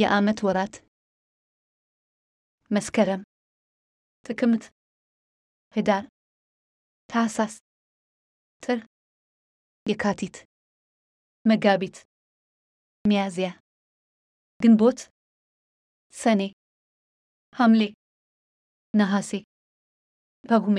የዓመት ወራት መስከረም፣ ጥቅምት፣ ህዳር፣ ታህሳስ፣ ጥር፣ የካቲት፣ መጋቢት፣ ሚያዝያ፣ ግንቦት፣ ሰኔ፣ ሐምሌ፣ ነሐሴ፣ ጳጉሜ